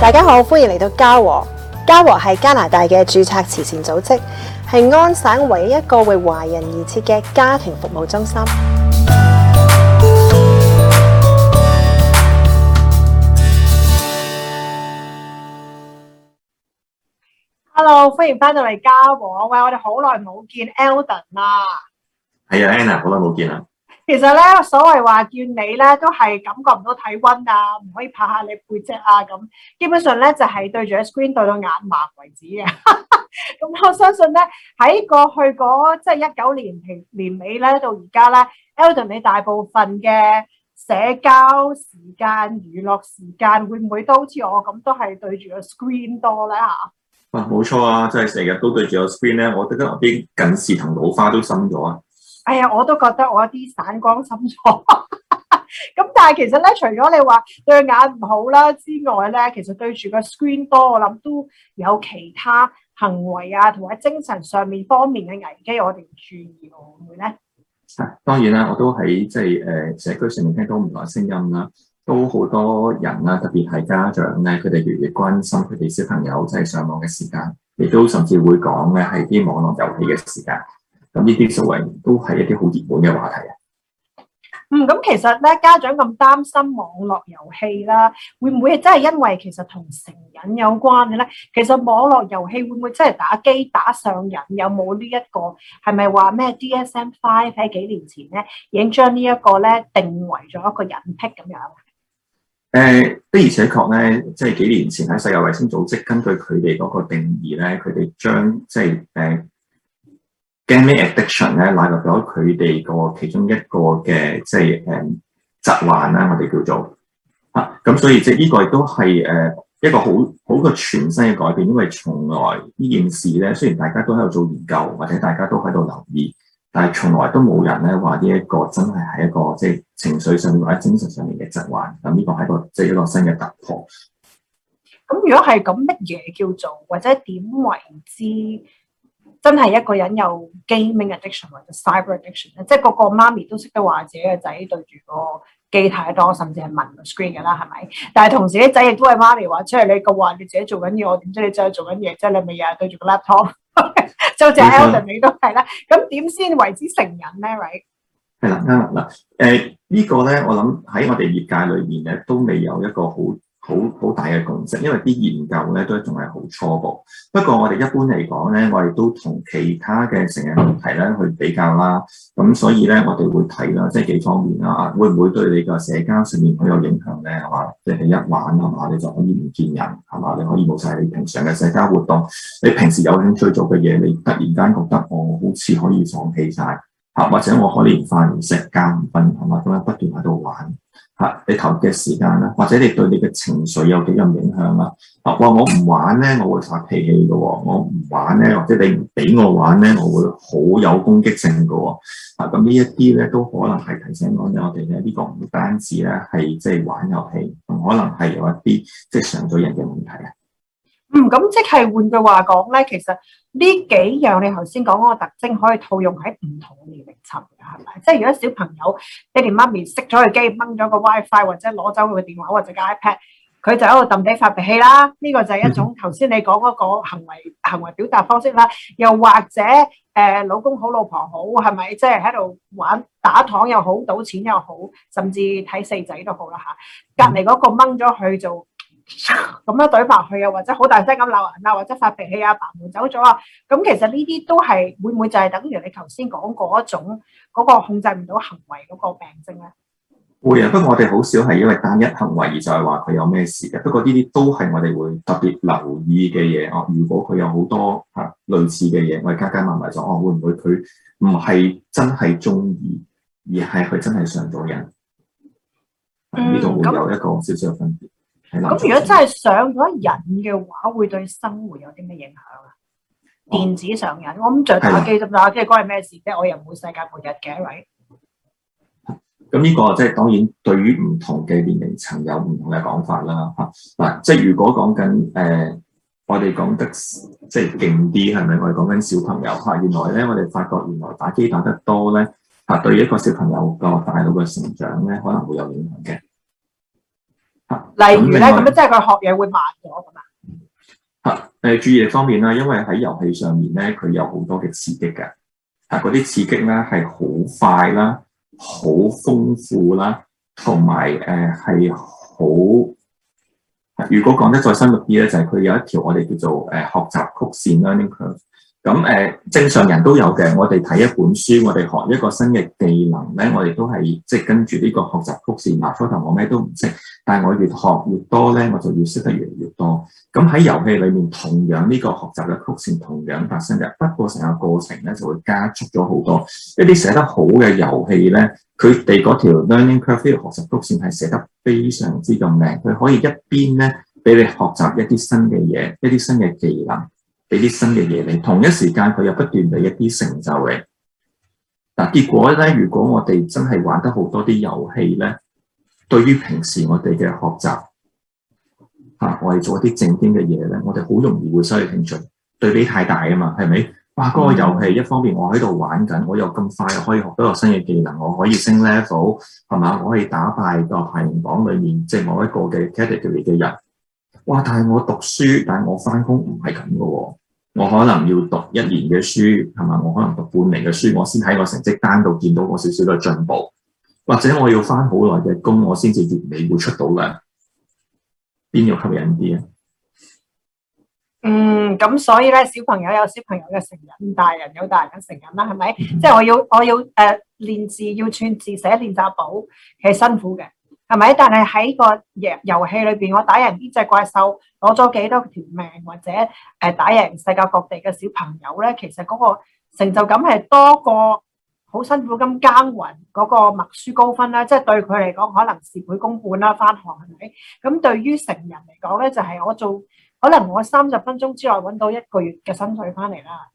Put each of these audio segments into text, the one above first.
大家好，歡迎嚟到嘉禾。嘉禾係加拿大嘅註冊慈善組織，係安省唯一一個為華人而設嘅家庭服務中心。Hello，歡迎翻到嚟嘉禾。喂，我哋好耐冇見，Elden 喇，係啊，Anna 好耐冇見啦。其實咧，所謂話見你咧，都係感覺唔到體溫啊，唔可以拍下你背脊啊，咁基本上咧就係、是、對住個 screen 對到眼盲為止嘅。咁、 嗯、我相信咧，喺過去嗰即係一九年年，年尾咧到而家咧 Eldon 你大部分嘅社交時間、娛樂時間會唔會都好似我咁，都係對住個 screen 多咧吓？啊，冇錯啊，真係成日都對住個 screen 咧，我覺得啲近視同老花都深咗啊。哎呀，我都覺得我一啲散光深咗，咁 但係其實咧，除咗你話對眼唔好啦之外咧，其實對住個 screen 多，我諗都有其他行為啊，同埋精神上面方面嘅危機，我哋唔注意到會咧。當然啦，我都喺即係誒社區上面聽到唔同嘅聲音啦，都好多人啦，特別係家長咧，佢哋越嚟越關心佢哋小朋友即係上網嘅時間，亦都甚至會講咧係啲網絡遊戲嘅時間。咁呢啲所謂都係一啲好熱門嘅話題啊！嗯，咁其實咧，家長咁擔心網絡遊戲啦，會唔會真係因為其實同成癮有關嘅咧？其實網絡遊戲會唔會真係打機打上癮？有冇呢一個係咪話咩 DSM Five 喺幾年前咧，已經將呢一個咧定為咗一個人癖咁樣？誒、呃，的而且確咧，即、就、係、是、幾年前喺世界衛生組織根據佢哋嗰個定義咧，佢哋將即係誒。呃 Gambling addiction 咧，納入咗佢哋個其中一個嘅，即係誒疾患啦。我哋叫做啊，咁所以即係呢個亦都係誒一個好好嘅全新嘅改變。因為從來呢件事咧，雖然大家都喺度做研究，或者大家都喺度留意，但係從來都冇人咧話呢一個真係係一個即係情緒上面或者精神上面嘅疾患。咁呢個係一個即係、就是、一個新嘅突破。咁如果係咁，乜嘢叫做或者點為之？真係一個人有 gaming addiction 或者 cyber addiction 咧，即係個個媽咪都識得話自己嘅仔對住個機太多，甚至係問個 screen 嘅啦，係咪？但係同時啲仔亦都係媽咪話出嚟，你個話你自己做緊嘢，我點知你再做緊嘢？即係你咪日日對住個 laptop。就好似 Elton 你都係啦，咁點先為之成癮咧？Right？係啦、嗯，啱、嗯、啦，嗱、嗯，誒、嗯嗯這個、呢個咧，我諗喺我哋業界裏面咧，都未有一個好。好好大嘅共識，因為啲研究咧都仲係好初步。不過我哋一般嚟講咧，我哋都同其他嘅成人問題咧去比較啦。咁所以咧，我哋會睇啦，即係幾方面啊。會唔會對你個社交上面好有影響咧？係嘛，即係一玩係嘛，你就可以唔見人係嘛，你可以冇晒你平常嘅社交活動。你平時有興趣做嘅嘢，你突然間覺得我、哦、好似可以放棄晒，嚇，或者我可以瞓唔着、瞓唔分，係嘛，咁樣不斷喺度玩。吓，你投嘅時間啦，或者你對你嘅情緒有幾咁影響啦。啊，喂，我唔玩咧，我會發脾氣嘅。我唔玩咧，或者你唔俾我玩咧，我會好有攻擊性嘅。啊，咁呢一啲咧都可能係提醒我哋咧，呢個唔單止咧係即係玩遊戲，可能係有一啲即係上咗癮嘅問題啊。嗯，咁即係換句話講咧，其實。呢幾樣你頭先講嗰個特徵可以套用喺唔同年齡層嘅，係咪？即係如果小朋友爹哋媽咪熄咗個機，掹咗個 WiFi 或者攞走佢嘅電話或者架 iPad，佢就喺度揼低發脾氣啦。呢個就係一種頭先你講嗰個行為行為表達方式啦。又或者誒老公好老婆好，係咪？即係喺度玩打糖又好，賭錢又好，甚至睇四仔都好啦嚇。隔離嗰個掹咗去做。咁樣懟白佢啊，或者好大聲咁鬧人啊，或者發脾氣啊，拍門走咗啊，咁其實呢啲都係會唔會就係等於你頭先講嗰種嗰、嗰個控制唔到行為嗰個病症咧？會啊，不過我哋好少係因為單一行為而就係話佢有咩事嘅。不過呢啲都係我哋會特別留意嘅嘢哦。如果佢有好多吓類似嘅嘢，我哋加加埋埋就話會唔會佢唔係真係中意，而係佢真係上咗癮，呢度、嗯、會有一個少少嘅分別。咁如果真係上咗癮嘅話，會對生活有啲咩影響啊？電子上癮，哦、我諗着打機得唔得啊？即係關係咩事啫？我又唔會世界末日嘅，一、right? 位、這個。咁呢個即係當然，對於唔同嘅年齡層有唔同嘅講法啦，吓嗱，即係如果講緊誒，我哋講得即係勁啲，係咪？我哋講緊小朋友，吓原來咧，我哋發覺原來打機打得多咧，吓對一個小朋友個大腦嘅成長咧，可能會有影響嘅。例如咧，咁樣即係佢學嘢會慢咗，咁啊。吓，誒，注意力方面啦，因為喺遊戲上面咧，佢有好多嘅刺激嘅。吓、啊，嗰啲刺激咧係好快啦，好豐富啦，同埋誒係好。如果講得再深入啲咧，就係、是、佢有一條我哋叫做誒、呃、學習曲線啦咁誒，正常人都有嘅。我哋睇一本書，我哋學一個新嘅技能咧，我哋都係即係跟住呢個學習曲線。嗱，初頭我咩都唔識，但係我越學越多咧，我就越識得越嚟越多。咁喺遊戲裏面，同樣呢個學習嘅曲線同樣發生嘅，不過成個過程咧就會加速咗好多。一啲寫得好嘅遊戲咧，佢哋嗰條 learning curve 呢個學習曲線係寫得非常之咁靚，佢可以一邊咧俾你學習一啲新嘅嘢，一啲新嘅技能。俾啲新嘅嘢你，同一時間佢又不斷俾一啲成就你。嗱，結果咧，如果我哋真係玩得好多啲遊戲咧，對於平時我哋嘅學習，吓、啊、我哋做一啲正經嘅嘢咧，我哋好容易會失去興趣。對比太大啊嘛，係咪？哇，嗰、那個遊戲一方面我喺度玩緊，我又咁快可以學到個新嘅技能，我可以升 level，係嘛？我可以打敗個排行榜裏面即係某一個嘅 category 嘅人。哇！但係我讀書，但係我翻工唔係咁嘅喎。我可能要讀一年嘅書，係嘛？我可能讀半年嘅書，我先喺個成績單度見到我少少嘅進步，或者我要翻好耐嘅工，我先至月尾會出到糧。邊個吸引啲啊？嗯，咁所以咧，小朋友有小朋友嘅成人，大人有大人嘅成人啦，係咪？ 即係我要，我要誒、uh, 練字要串字寫練習簿，係辛苦嘅。係咪？但係喺個遊遊戲裏邊，我打贏呢隻怪獸，攞咗幾多條命，或者誒打贏世界各地嘅小朋友咧，其實嗰個成就感係多過好辛苦咁耕耘嗰個默書高分啦。即係對佢嚟講，可能事半功倍啦，翻學係咪？咁對於成人嚟講咧，就係我做可能我三十分鐘之內揾到一個月嘅薪水翻嚟啦。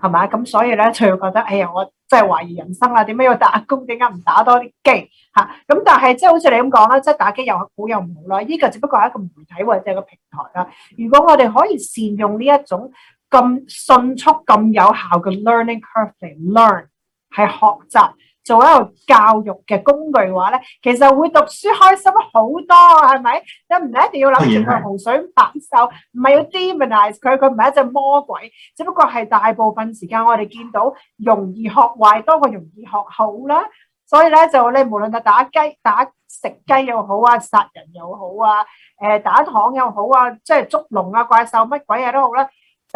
係嘛？咁所以咧，就會覺得，哎呀，我真係懷疑人生啦！點解要打工？點解唔打多啲機嚇？咁、啊、但係即係好似你咁講啦，即係打機又好又唔好啦。依、這個只不過係一個媒體或者一個平台啦。如果我哋可以善用呢一種咁迅速、咁有效嘅 learning curve，learn 係學習。做一個教育嘅工具嘅話咧，其實會讀書開心好多，係咪？你唔係一定要諗住佢洪水猛獸，唔係要 demonize 佢，佢唔係一隻魔鬼，只不過係大部分時間我哋見到容易學壞多過容易學好啦。所以咧，就你無論係打雞打食雞又好啊，殺人又好啊，誒打糖又好啊，即係捉龍啊、怪獸乜鬼嘢都好啦。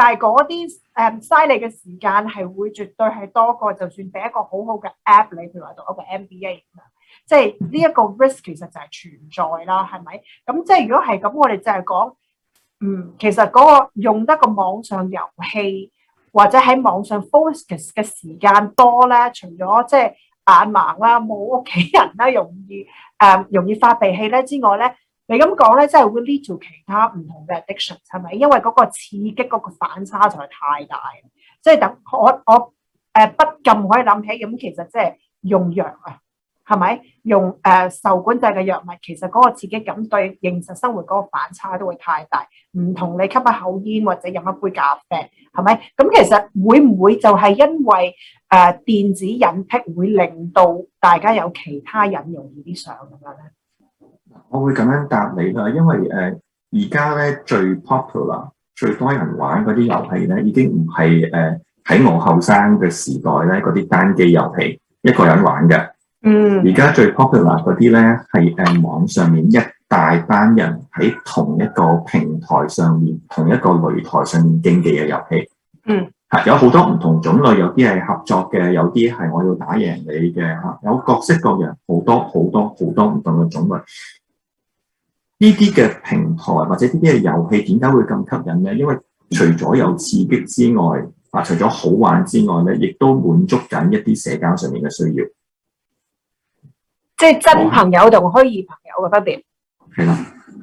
但係嗰啲誒嘥你嘅時間係會絕對係多過，就算俾一個好好嘅 app 你，譬如話讀一個 MBA 即係呢一個 risk 其實就係存在啦，係咪？咁即係如果係咁，我哋就係講，嗯，其實嗰個用得個網上遊戲或者喺網上 focus 嘅時間多咧，除咗即係眼盲啦、冇屋企人啦、容易誒、嗯、容易發脾氣咧之外咧。你咁講咧，即係會 lead to 其他唔同嘅 addiction，係咪？因為嗰個刺激嗰個反差就係太大，即係等我我誒不禁可以諗起，咁其實即係用藥啊，係咪？用誒、呃、受管制嘅藥物，其實嗰個刺激感對現實生活嗰個反差都會太大，唔同你吸一口煙或者飲一杯咖啡，係咪？咁其實會唔會就係因為誒、呃、電子引誘會令到大家有其他引容易啲上咁樣咧？我會咁樣答你啦，因為誒而家咧最 popular 最多人玩嗰啲遊戲咧，已經唔係誒喺我後生嘅時代咧嗰啲單機遊戲，一個人玩嘅。嗯。而家最 popular 嗰啲咧係誒網上面一大班人喺同一個平台上面，同一個擂台上面競技嘅遊戲。嗯。係有好多唔同種類，有啲係合作嘅，有啲係我要打贏你嘅吓，有各式各樣，好多好多好多唔同嘅種類。呢啲嘅平台或者呢啲嘅遊戲點解會咁吸引咧？因為除咗有刺激之外，啊，除咗好玩之外咧，亦都滿足緊一啲社交上面嘅需要，即係真朋友同虛擬朋友嘅分別。係啦、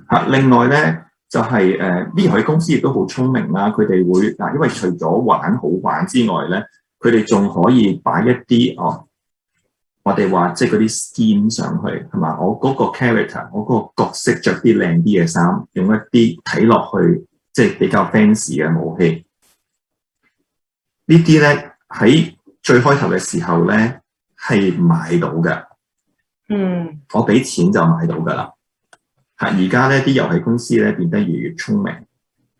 哦，啊，另外咧就係、是、誒，呢、呃、個公司亦都好聰明啦，佢哋會嗱，因為除咗玩好玩之外咧，佢哋仲可以擺一啲啊。哦。我哋話即係嗰啲 skin 上去係嘛？我嗰個 character，我個角色着啲靚啲嘅衫，用一啲睇落去即係比較 fancy 嘅武器。呢啲咧喺最開頭嘅時候咧，係買到嘅。嗯，我俾錢就買到㗎啦。嚇！而家咧啲遊戲公司咧變得越越聰明，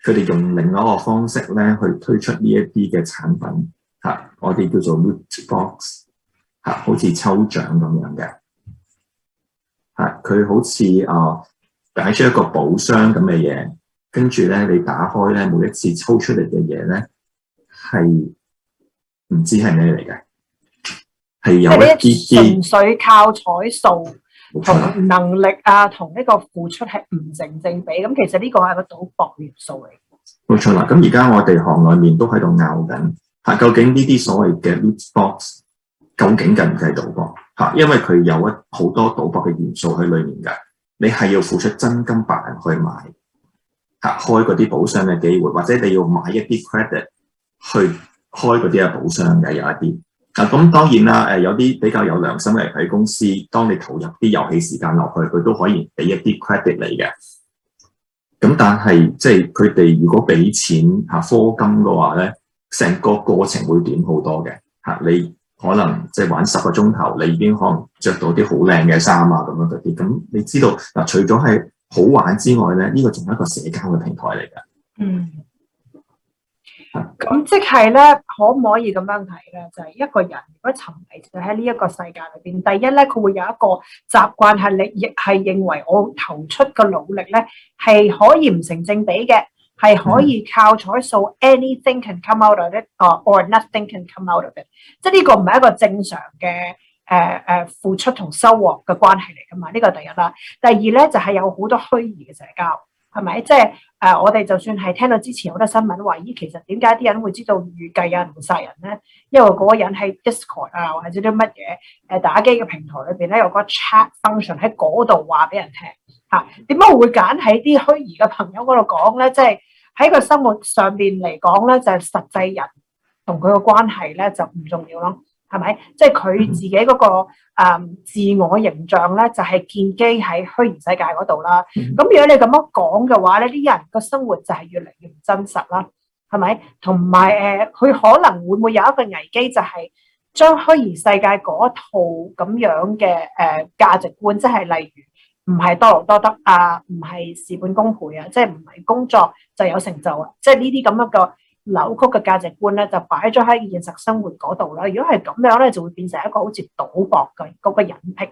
佢哋用另外一個方式咧去推出呢一啲嘅產品。嚇、啊！我哋叫做 loot box。啊、好似抽獎咁樣嘅，嚇、啊、佢好似啊擺出一個寶箱咁嘅嘢，跟住咧你打開咧，每一次抽出嚟嘅嘢咧係唔知係咩嚟嘅，係有一啲啲。純粹靠彩數同能力啊，同一個付出係唔成正比，咁、嗯、其實呢個係個賭博元素嚟。冇錯啦，咁而家我哋行內面都喺度拗緊嚇，究竟呢啲所謂嘅 loot box。究竟計唔計賭博？吓，因為佢有一好多賭博嘅元素喺裏面嘅，你係要付出真金白銀去買吓，開嗰啲寶箱嘅機會，或者你要買一啲 credit 去開嗰啲嘅寶箱嘅，有一啲。啊，咁當然啦，誒，有啲比較有良心嘅遊戲公司，當你投入啲遊戲時間落去，佢都可以俾一啲 credit 你嘅。咁但係，即係佢哋如果俾錢吓，課金嘅話咧，成個過程會短好多嘅。吓、啊，你。可能即係玩十個鐘頭，你已經可能着到啲好靚嘅衫啊，咁樣嗰啲。咁你知道嗱，除咗係好玩之外咧，呢、這個仲係一個社交嘅平台嚟㗎。嗯，咁是、嗯、即係咧，可唔可以咁樣睇咧？就係、是、一個人如果沉迷住喺呢一個世界裏邊，第一咧，佢會有一個習慣係你，係認為我投出嘅努力咧係可以唔成正比嘅。係可以靠彩數，anything can come out of it，哦，or nothing can come out of it。即係呢個唔係一個正常嘅誒誒付出同收穫嘅關係嚟㗎嘛？呢、這個第一啦。第二咧就係、是、有好多虛擬嘅社交，係咪？即係誒、呃，我哋就算係聽到之前好多新聞話，咦，其實點解啲人會知道預計有人會殺人咧？因為嗰個人喺 Discord 啊，或者啲乜嘢誒打機嘅平台裏邊咧，有個 chat function 喺嗰度話俾人聽。嚇點解會揀喺啲虛擬嘅朋友嗰度講咧？即係喺個生活上邊嚟講咧，就係、是、實際人同佢嘅關係咧就唔重要咯，係咪？即係佢自己嗰、那個、呃、自我形象咧，就係、是、建基喺虛擬世界嗰度啦。咁、嗯、如果你咁樣講嘅話咧，啲人個生活就係越嚟越真實啦，係咪？同埋誒，佢、呃、可能會唔會有一個危機，就係將虛擬世界嗰一套咁樣嘅誒價值觀，即係例如。唔係多勞多得啊，唔係事半功倍啊，即係唔係工作就有成就啊，即係呢啲咁樣嘅扭曲嘅價值觀咧，就擺咗喺現實生活嗰度啦。如果係咁樣咧，就會變成一個好似賭博嘅嗰、那個隱癖，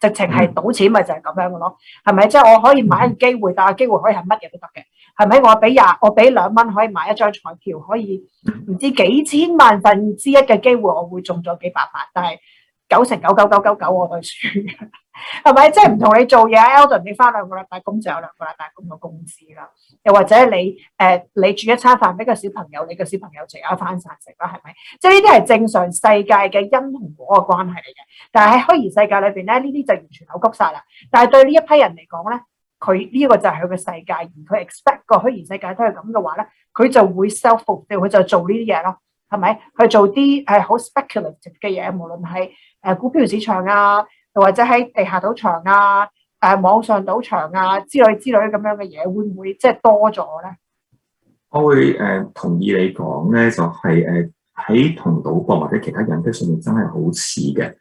直情係賭錢咪就係咁樣嘅咯，係咪？即係、嗯、我可以買一個機會，但係機會可以係乜嘢都得嘅，係咪？我俾廿，我俾兩蚊可以買一張彩票，可以唔知幾千萬分之一嘅機會，我會中咗幾百萬，但係。九成九九九九九我去輸，係咪？即係唔同你做嘢，Elon 你翻兩個禮拜工就有兩個禮拜工嘅工資啦。又或者你誒你煮一餐飯俾個小朋友，你個小朋友就有翻飯食啦，係咪？即係呢啲係正常世界嘅因同果嘅關係嚟嘅。但係喺虛擬世界裏邊咧，呢啲就完全扭曲晒啦。但係對呢一批人嚟講咧，佢呢個就係佢嘅世界，而佢 expect 個虛擬世界都係咁嘅話咧，佢就會 self fulfil，佢就做呢啲嘢咯。係咪去做啲誒好 speculative 嘅嘢？無論係誒股票市場啊，又或者喺地下賭場啊、誒、啊、網上賭場啊之類之類咁樣嘅嘢，會唔會即係多咗咧？我會誒、呃、同意你講咧，就係誒喺同賭博或者其他人嘅上面真係好似嘅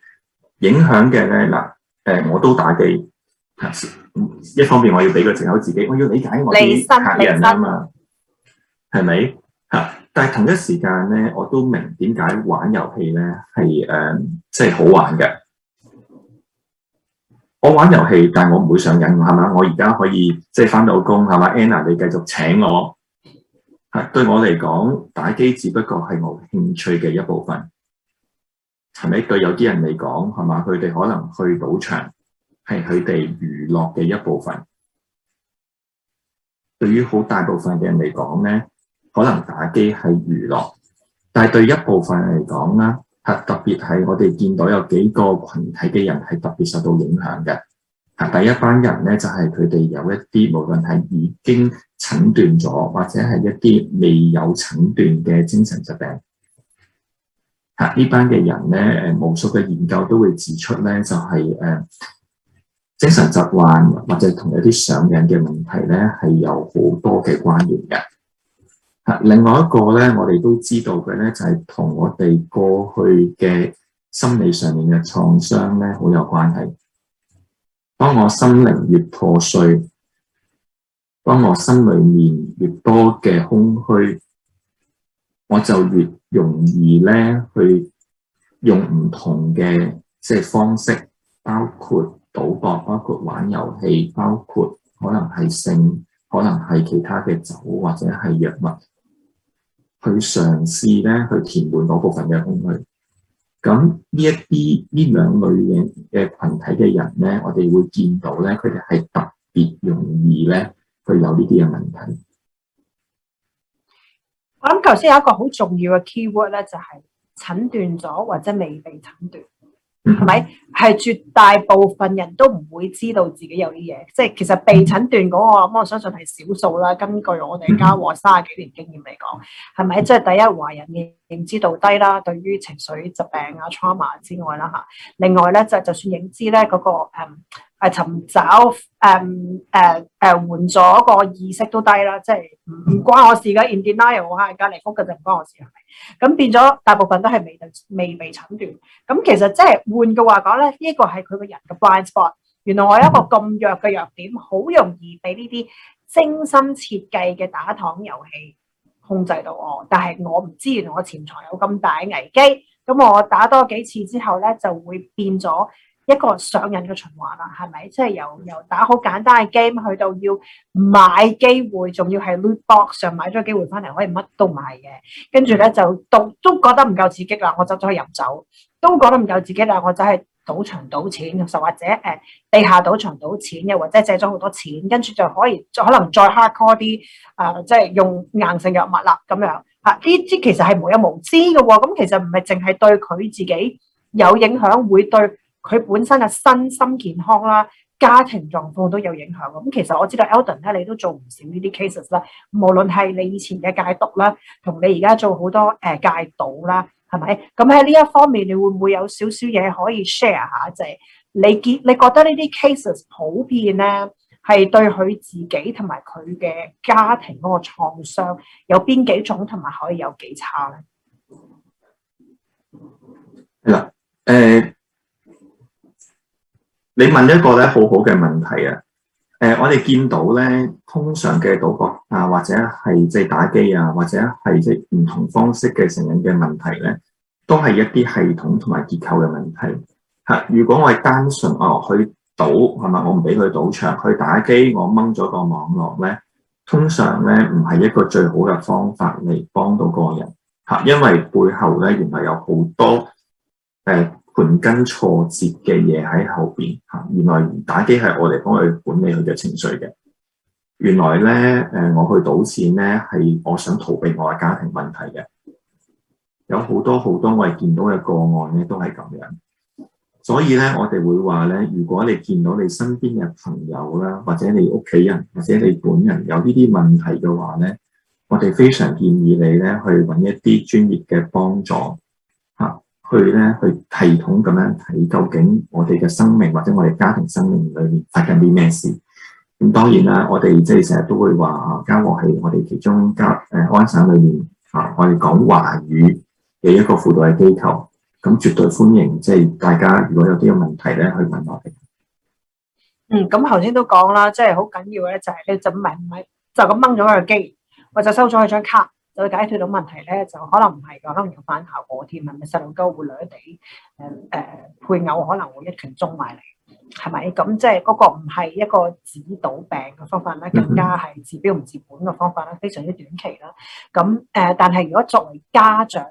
影響嘅咧嗱誒，我都打機一方面，我要俾個藉口自己，我要理解我啲客嘅人啊嘛，係咪？但係同一時間咧，我都明點解玩遊戲咧係誒即係好玩嘅。我玩遊戲，但係我唔會上癮，係嘛？我而家可以即係返到工，係嘛？Anna，你繼續請我。係對我嚟講，打機只不過係我興趣嘅一部分。係咪？對有啲人嚟講係嘛？佢哋可能去賭場，係佢哋娛樂嘅一部分。對於好大部分嘅人嚟講咧。可能打機係娛樂，但係對一部分嚟講啦，特別係我哋見到有幾個群體嘅人係特別受到影響嘅。第一班人咧就係佢哋有一啲無論係已經診斷咗，或者係一啲未有診斷嘅精神疾病。嚇！呢班嘅人咧，誒無數嘅研究都會指出咧，就係、是、誒精神疾患或者同一啲上癮嘅問題咧，係有好多嘅關聯嘅。另外一個咧，我哋都知道嘅咧，就係同我哋過去嘅心理上面嘅創傷咧，好有關係。當我心靈越破碎，當我心裏面越多嘅空虛，我就越容易咧去用唔同嘅即係方式，包括賭博，包括玩遊戲，包括可能係性，可能係其他嘅酒或者係藥物，去嘗試咧，去填滿嗰部分嘅空缺。咁呢一啲呢兩類型嘅群體嘅人咧，我哋會見到咧，佢哋係特別容易咧，去有呢啲嘅問題。我諗頭先有一個好重要嘅 keyword 咧，就係診斷咗或者未被診斷。係咪？係絕大部分人都唔會知道自己有啲嘢，即係其實被診斷嗰、嗰個咁，我相信係少數啦。根據我哋家和卅幾年經驗嚟講，係咪？即係第一，華人嘅認知度低啦，對於情緒疾病啊、trauma 之外啦嚇。另外咧，即係就算認知咧、嗰個，嗰、嗯、個係、啊、尋找誒誒誒換咗個意識都低啦，即係唔關我事嘅 In denial 嚇，隔離屋嘅就唔關我事啦。咁變咗大部分都係未未被診斷。咁其實即係換句話講咧，呢、這個係佢個人嘅 blind spot。原來我有一個咁弱嘅弱點，好容易俾呢啲精心設計嘅打糖遊戲控制到我。但係我唔知原來我潛在有咁大危機。咁我打多幾次之後咧，就會變咗。一個上癮嘅循環啦，係咪？即、就、係、是、由由打好簡單嘅 game 去到要買機會，仲要係 loot box 上買咗機會翻嚟，可以乜都買嘅。跟住咧就都都覺得唔夠刺激啦，我走咗去飲酒。都覺得唔夠刺激啦，我去走去賭場賭錢，又或者誒地下賭場賭錢，又或者借咗好多錢，跟住就可以可能再 hard core 啲，誒即係用硬性藥物啦咁樣嚇。呢、啊、啲其實係無有無知嘅喎、哦，咁其實唔係淨係對佢自己有影響，會對。佢本身嘅身心健康啦、家庭狀況都有影響。咁其實我知道 Elden 咧，你都做唔少呢啲 cases 啦。無論係你以前嘅戒毒啦，同你而家做好多誒戒賭啦，係咪？咁喺呢一方面，你會唔會有少少嘢可以 share 下？就係你見你覺得呢啲 cases 普遍咧，係對佢自己同埋佢嘅家庭嗰個創傷有邊幾種，同埋可以有幾差咧？嗱、yeah, uh，誒。你問一個咧好好嘅問題啊！誒、呃，我哋見到咧，通常嘅賭博啊，或者係即係打機啊，或者係即係唔同方式嘅成癮嘅問題咧，都係一啲系統同埋結構嘅問題。嚇！如果我係單純哦去賭，係咪？我唔俾佢賭場，去打機我掹咗個網絡咧，通常咧唔係一個最好嘅方法嚟幫到個人嚇，因為背後咧原來有好多誒。呃盤根錯節嘅嘢喺後邊，吓，原來打機係我哋幫佢管理佢嘅情緒嘅。原來咧，誒，我去賭錢咧，係我想逃避我嘅家庭問題嘅。有好多好多我係見到嘅個案咧，都係咁樣。所以咧，我哋會話咧，如果你見到你身邊嘅朋友啦，或者你屋企人，或者你本人有呢啲問題嘅話咧，我哋非常建議你咧去搵一啲專業嘅幫助。去咧，去系統咁樣睇究竟我哋嘅生命或者我哋家庭生命裏面發生啲咩事。咁當然啦，我哋即係成日都會話啊，家和係我哋其中嘉誒安省裏面啊，我哋講華語嘅一個輔導嘅機構。咁絕對歡迎，即係大家如果有啲嘅問題咧，去問我哋。嗯，咁頭先都講啦，即係好緊要嘅咧，就係你就唔係唔係就咁掹咗個機，我就收咗佢張卡。再解決到問題咧，就可能唔係㗎，可能有反效果添，係咪？細路哥會掠地，誒誒，配偶可能會一拳中埋嚟，係咪？咁即係嗰個唔係一個治到病嘅方法啦，更加係治標唔治本嘅方法啦，非常之短期啦。咁誒，但係如果作為家長，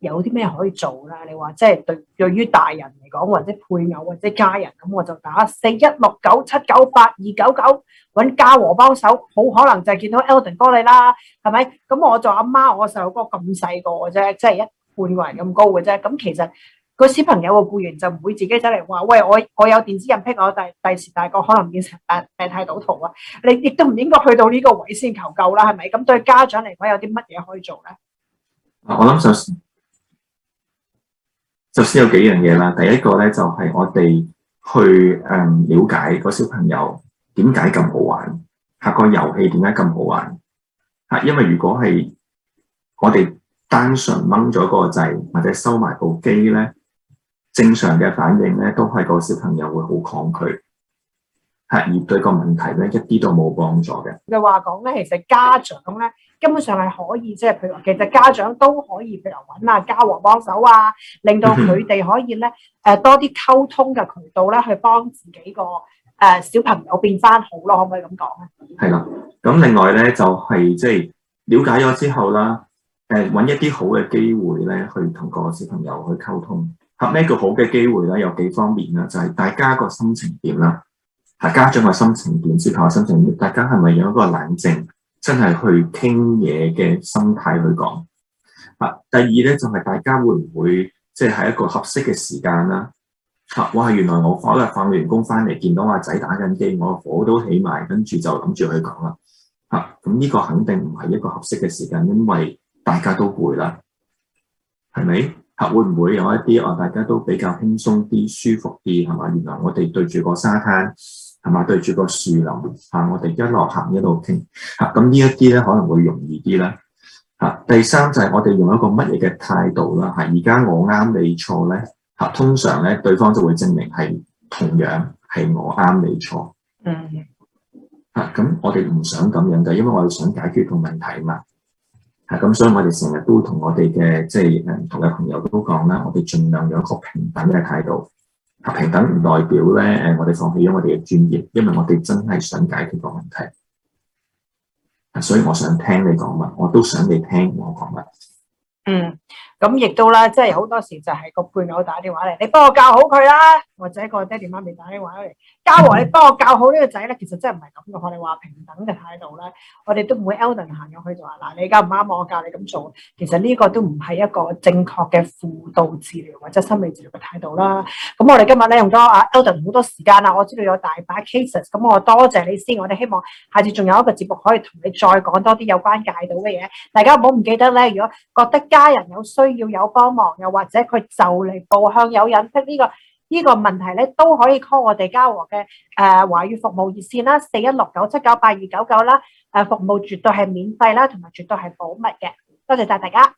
有啲咩可以做啦？你話即係對對於大人嚟講，或者配偶或者家人，咁我就打四一六九七九八二九九揾家和幫手，好可能就係見到 Eldon 哥你啦，係咪？咁我做阿媽，我細佬哥咁細個嘅啫，即係一半個人咁高嘅啫。咁其實，個小朋友個顧員就唔會自己走嚟話：喂，我我有電子印筆，我第第時大個可能變成病病態賭徒啊！你亦都唔應該去到呢個位先求救啦，係咪？咁對家長嚟講，有啲乜嘢可以做咧？我諗就係。首先有幾樣嘢啦，第一個咧就係我哋去嗯了解個小朋友點解咁好玩，下個遊戲點解咁好玩？吓，因為如果係我哋單純掹咗個掣或者收埋部機咧，正常嘅反應咧都係個小朋友會好抗拒，吓，而對個問題咧一啲都冇幫助嘅。就話講咧，其實家長咧。基本上係可以，即係譬如話，其實家長都可以譬如揾啊家和幫手啊，令到佢哋可以咧誒多啲溝通嘅渠道咧，去幫自己個誒小朋友變翻好咯，可唔可以咁講啊？係啦，咁另外咧就係即係了解咗之後啦，誒揾一啲好嘅機會咧，去同個小朋友去溝通。嚇咩叫好嘅機會咧？有幾方面啊？就係、是、大家個心情點啦，嚇家長嘅心情點，小朋友心情點，大家係咪有一個冷靜，真係去傾嘢嘅心態去講啊！第二咧就係、是、大家會唔會即係一個合適嘅時間啦？啊！哇！原來我今日放完工翻嚟，見到阿仔打緊機，我火都起埋，跟住就諗住去講啦。啊！咁呢個肯定唔係一個合適嘅時間，因為大家都攰啦，係咪？啊！會唔會有一啲啊？大家都比較輕鬆啲、舒服啲，係嘛？原來我哋對住個沙灘。同對住個樹林嚇，我哋一路行一路傾嚇，咁呢一啲咧可能會容易啲啦嚇。第三就係我哋用一個乜嘢嘅態度啦嚇，而家我啱你錯咧嚇，通常咧對方就會證明係同樣係我啱你錯。嗯嚇，咁我哋唔想咁樣嘅，因為我哋想解決個問題嘛嚇，咁所以我哋成日都同我哋嘅即係誒唔同嘅朋友都講啦，我哋盡量有一個平等嘅態度。平等唔代表咧，誒，我哋放棄咗我哋嘅專業，因為我哋真係想解決個問題，所以我想聽你講乜，我都想你聽我講乜。嗯。咁亦都啦，即係好多時就係個配偶打電話嚟，你幫我教好佢啦，或者個爹哋媽咪打電話嚟，嘉禾，你幫我教好個呢個仔咧，其實真係唔係咁嘅。我哋話平等嘅態度啦，我哋都唔會 Elden 行入去就話嗱，你而家唔啱我教你咁做，其實呢個都唔係一個正確嘅輔導治療或者心理治療嘅態度啦。咁我哋今日咧用咗阿 Elden 好多時間啦，我知道有大把 cases，咁我多謝你先。我哋希望下次仲有一個節目可以同你再講多啲有關戒到嘅嘢，大家唔好唔記得咧。如果覺得家人有需，需要有幫忙，又或者佢就嚟步向有隱識呢個呢、這個問題咧，都可以 call 我哋嘉禾嘅誒華語服務熱線啦，四一六九七九八二九九啦，誒、呃、服務絕對係免費啦，同埋絕對係保密嘅。多謝晒大家。